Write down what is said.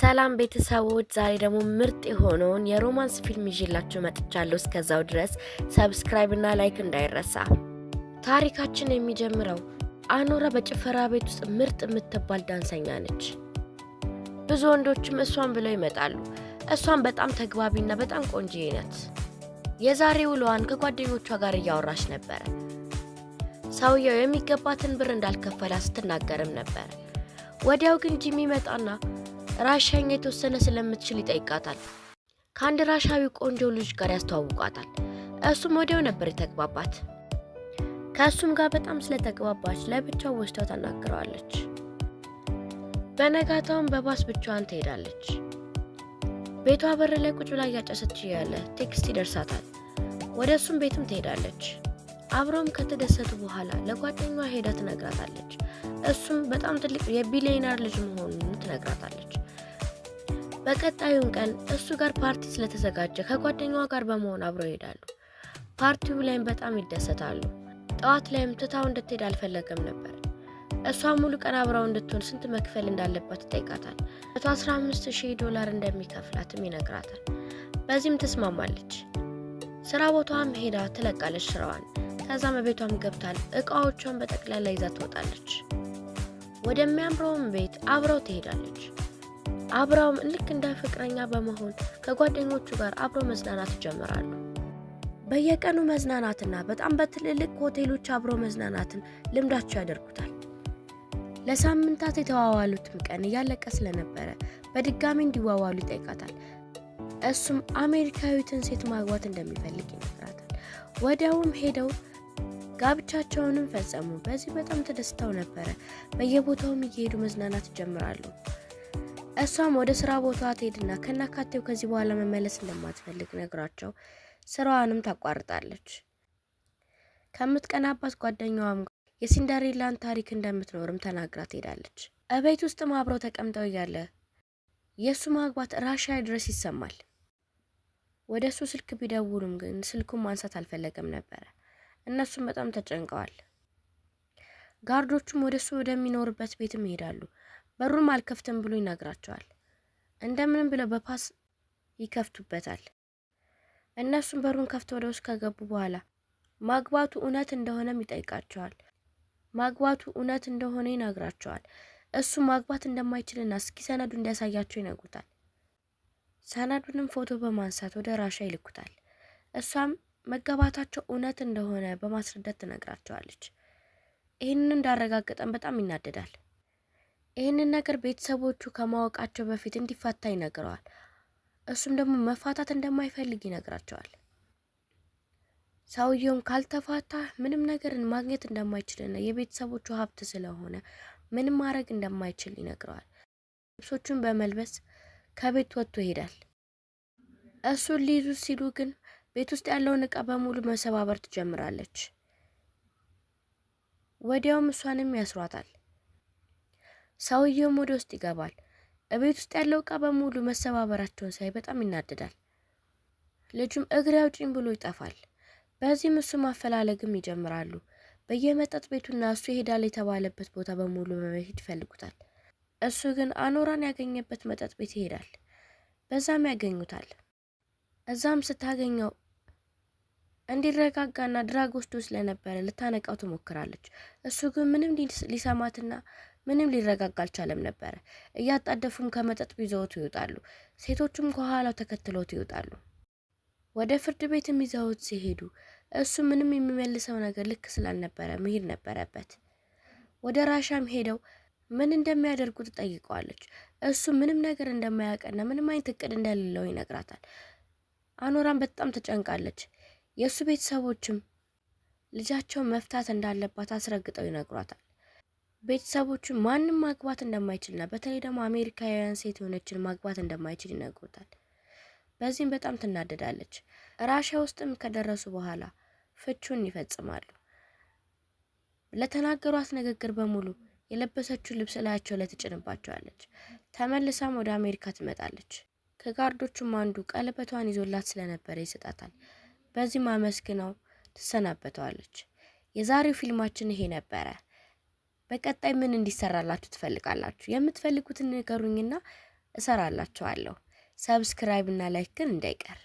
ሰላም ቤተሰቦች፣ ዛሬ ደግሞ ምርጥ የሆነውን የሮማንስ ፊልም ይዤላችሁ መጥቻለሁ። እስከዛው ድረስ ሰብስክራይብ እና ላይክ እንዳይረሳ። ታሪካችን የሚጀምረው አኖራ በጭፈራ ቤት ውስጥ ምርጥ የምትባል ዳንሰኛ ነች። ብዙ ወንዶችም እሷን ብለው ይመጣሉ። እሷን በጣም ተግባቢና በጣም ቆንጆ ናት። የዛሬ ውሎዋን ከጓደኞቿ ጋር እያወራች ነበረ። ሰውየው የሚገባትን ብር እንዳልከፈላ ስትናገርም ነበር። ወዲያው ግን ጂሚ ይመጣና ራሻኛ የተወሰነ ስለምትችል ይጠይቃታል። ከአንድ ራሻዊ ቆንጆ ልጅ ጋር ያስተዋውቃታል። እሱም ወዲያው ነበር የተግባባት። ከእሱም ጋር በጣም ስለተግባባች ለብቻው ወስዳው ታናግረዋለች። በነጋታውም በባስ ብቻዋን ትሄዳለች። ቤቷ በር ላይ ቁጭ ብላ እያጨሰች እያለ ቴክስት ይደርሳታል። ወደ እሱም ቤትም ትሄዳለች። አብረውም ከተደሰቱ በኋላ ለጓደኛዋ ሄዳ ትነግራታለች። እሱም በጣም ትልቅ የቢሊዮነር ልጅ መሆኑን ትነግራታለች። በቀጣዩን ቀን እሱ ጋር ፓርቲ ስለተዘጋጀ ከጓደኛዋ ጋር በመሆን አብረው ይሄዳሉ። ፓርቲው ላይም በጣም ይደሰታሉ። ጠዋት ላይም ትታው እንድትሄድ አልፈለገም ነበር። እሷ ሙሉ ቀን አብረው እንድትሆን ስንት መክፈል እንዳለባት ይጠይቃታል። 115 ሺህ ዶላር እንደሚከፍላትም ይነግራታል። በዚህም ትስማማለች። ስራ ቦታዋም ሄዳ ትለቃለች ስራዋን። ከዛም ቤቷም ገብታል እቃዎቿን በጠቅላላ ይዛ ትወጣለች። ወደሚያምረውም ቤት አብረው ትሄዳለች። አብረውም ልክ እንደ ፍቅረኛ በመሆን ከጓደኞቹ ጋር አብሮ መዝናናት ይጀምራሉ። በየቀኑ መዝናናትና በጣም በትልልቅ ሆቴሎች አብሮ መዝናናትን ልምዳቸው ያደርጉታል። ለሳምንታት የተዋዋሉትም ቀን እያለቀ ስለነበረ በድጋሚ እንዲዋዋሉ ይጠይቃታል። እሱም አሜሪካዊትን ሴት ማግባት እንደሚፈልግ ይነግራታል። ወዲያውም ሄደው ጋብቻቸውንም ፈጸሙ። በዚህ በጣም ተደስተው ነበረ። በየቦታውም እየሄዱ መዝናናት ይጀምራሉ። እሷም ወደ ስራ ቦታ ትሄድና ከናካቴው ከዚህ በኋላ መመለስ እንደማትፈልግ ነግራቸው ስራዋንም ታቋርጣለች። ከምትቀናባት ጓደኛዋም የሲንደሬላን ታሪክ እንደምትኖርም ተናግራ ትሄዳለች። እቤት ውስጥም አብረው ተቀምጠው እያለ የእሱ ማግባት ራሽያ ድረስ ይሰማል። ወደ እሱ ስልክ ቢደውሉም ግን ስልኩን ማንሳት አልፈለገም ነበረ። እነሱም በጣም ተጨንቀዋል። ጋርዶቹም ወደ እሱ ወደሚኖርበት ቤትም ይሄዳሉ። በሩንም አልከፍትም ብሎ ይነግራቸዋል። እንደምንም ብለው በፓስ ይከፍቱበታል። እነሱም በሩን ከፍተው ወደ ውስጥ ከገቡ በኋላ ማግባቱ እውነት እንደሆነም ይጠይቃቸዋል። ማግባቱ እውነት እንደሆነ ይነግራቸዋል። እሱ ማግባት እንደማይችልና እስኪ ሰነዱ እንዲያሳያቸው ይነግሩታል። ሰነዱንም ፎቶ በማንሳት ወደ ራሻ ይልኩታል። እሷም መገባታቸው እውነት እንደሆነ በማስረዳት ትነግራቸዋለች። ይህንን እንዳረጋገጠን በጣም ይናደዳል። ይህንን ነገር ቤተሰቦቹ ከማወቃቸው በፊት እንዲፋታ ይነግረዋል። እሱም ደግሞ መፋታት እንደማይፈልግ ይነግራቸዋል። ሰውየውም ካልተፋታ ምንም ነገርን ማግኘት እንደማይችልና የቤተሰቦቹ ሀብት ስለሆነ ምንም ማድረግ እንደማይችል ይነግረዋል። ልብሶቹን በመልበስ ከቤት ወጥቶ ይሄዳል። እሱን ሊይዙ ሲሉ ግን ቤት ውስጥ ያለውን እቃ በሙሉ መሰባበር ትጀምራለች። ወዲያውም እሷንም ያስሯታል። ሰውየውም ወደ ውስጥ ይገባል። እቤት ውስጥ ያለው እቃ በሙሉ መሰባበራቸውን ሳይ በጣም ይናደዳል። ልጁም እግሬ አውጪኝ ብሎ ይጠፋል። በዚህም እሱ ማፈላለግም ይጀምራሉ። በየመጠጥ ቤቱና እሱ ይሄዳል የተባለበት ቦታ በሙሉ በመሄድ ይፈልጉታል። እሱ ግን አኖራን ያገኘበት መጠጥ ቤት ይሄዳል። በዛም ያገኙታል። እዛም ስታገኘው እንዲረጋጋና ድራግ ወስዶ ስለነበረ ልታነቃው ትሞክራለች። እሱ ግን ምንም ሊሰማትና ምንም ሊረጋጋ አልቻለም ነበረ። እያጣደፉም ከመጠጥ ይዘውት ይወጣሉ። ሴቶቹም ከኋላው ተከትለውት ይወጣሉ። ወደ ፍርድ ቤትም ይዘውት ሲሄዱ እሱ ምንም የሚመልሰው ነገር ልክ ስላልነበረ መሄድ ነበረበት። ወደ ራሻም ሄደው ምን እንደሚያደርጉ ትጠይቀዋለች። እሱ ምንም ነገር እንደማያውቅና ምንም አይነት እቅድ እንደሌለው ይነግራታል። አኖራም በጣም ተጨንቃለች። የእሱ ቤተሰቦችም ልጃቸውን መፍታት እንዳለባት አስረግጠው ይነግሯታል። ቤተሰቦቹ ማንም ማግባት እንደማይችልና በተለይ ደግሞ አሜሪካውያን ሴት የሆነችን ማግባት እንደማይችል ይነግሩታል። በዚህም በጣም ትናደዳለች። ራሻ ውስጥም ከደረሱ በኋላ ፍቹን ይፈጽማሉ። ለተናገሯት ንግግር በሙሉ የለበሰችው ልብስ ላያቸው ላይ ትጭንባቸዋለች። ተመልሳም ወደ አሜሪካ ትመጣለች። ከጋርዶቹም አንዱ ቀለበቷን ይዞላት ስለነበረ ይሰጣታል። በዚህም አመስግነው ትሰናበተዋለች። የዛሬው ፊልማችን ይሄ ነበረ። በቀጣይ ምን እንዲሰራላችሁ ትፈልጋላችሁ? የምትፈልጉትን ንገሩኝና እሰራላችኋለሁ። ሰብስክራይብ እና ላይክ ግን እንዳይቀር።